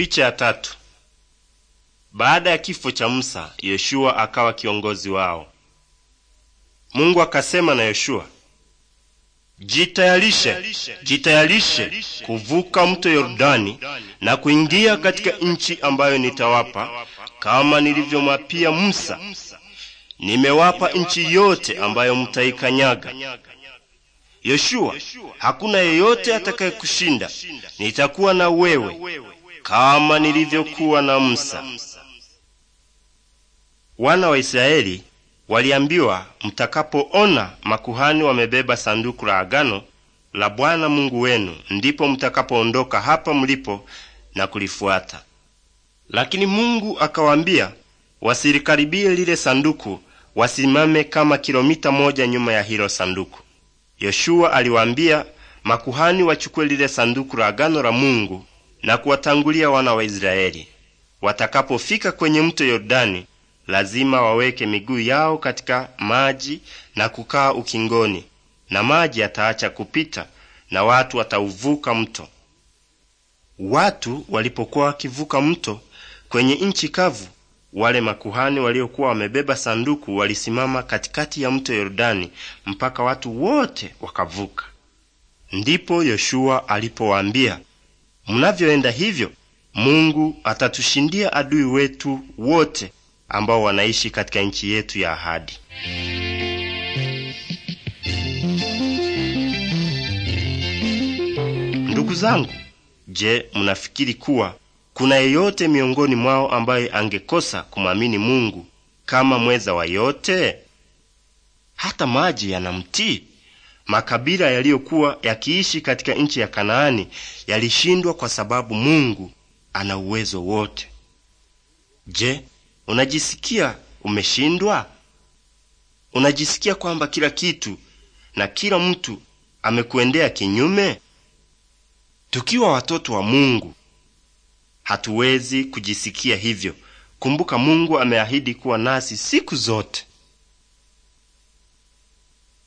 Picha ya tatu. Baada ya kifo cha Musa, Yoshua akawa kiongozi wao. Mungu akasema na Yoshua, jitayarishe, jitayarishe kuvuka mto Yordani na kuingia katika nchi ambayo nitawapa kama nilivyomwapia Musa. Nimewapa nchi yote ambayo mtaikanyaga. Yoshua, hakuna yeyote atakayekushinda. Nitakuwa na wewe kama nilivyokuwa na Musa. Wana wa Israeli waliambiwa, mtakapoona makuhani wamebeba sanduku la agano la Bwana Mungu wenu, ndipo mtakapoondoka hapa mlipo na kulifuata. Lakini Mungu akawaambia wasilikaribie lile sanduku, wasimame kama kilomita moja nyuma ya hilo sanduku. Yoshua aliwaambia makuhani wachukue lile sanduku la agano la Mungu na kuwatangulia wana wa Israeli. Watakapofika kwenye mto Yordani, lazima waweke miguu yao katika maji na kukaa ukingoni, na maji yataacha kupita na watu watauvuka mto. Watu walipokuwa wakivuka mto kwenye nchi kavu, wale makuhani waliokuwa wamebeba sanduku walisimama katikati ya mto Yordani mpaka watu wote wakavuka. Ndipo Yoshua alipowaambia Mnavyoenda hivyo, Mungu atatushindia adui wetu wote ambao wanaishi katika nchi yetu ya ahadi. Ndugu zangu, je, mnafikiri kuwa kuna yeyote miongoni mwao ambaye angekosa kumwamini Mungu kama mweza wa yote? Hata maji yanamtii. Makabila yaliyokuwa yakiishi katika nchi ya Kanaani yalishindwa kwa sababu Mungu ana uwezo wote. Je, unajisikia umeshindwa? Unajisikia kwamba kila kitu na kila mtu amekuendea kinyume? Tukiwa watoto wa Mungu hatuwezi kujisikia hivyo. Kumbuka, Mungu ameahidi kuwa nasi siku zote.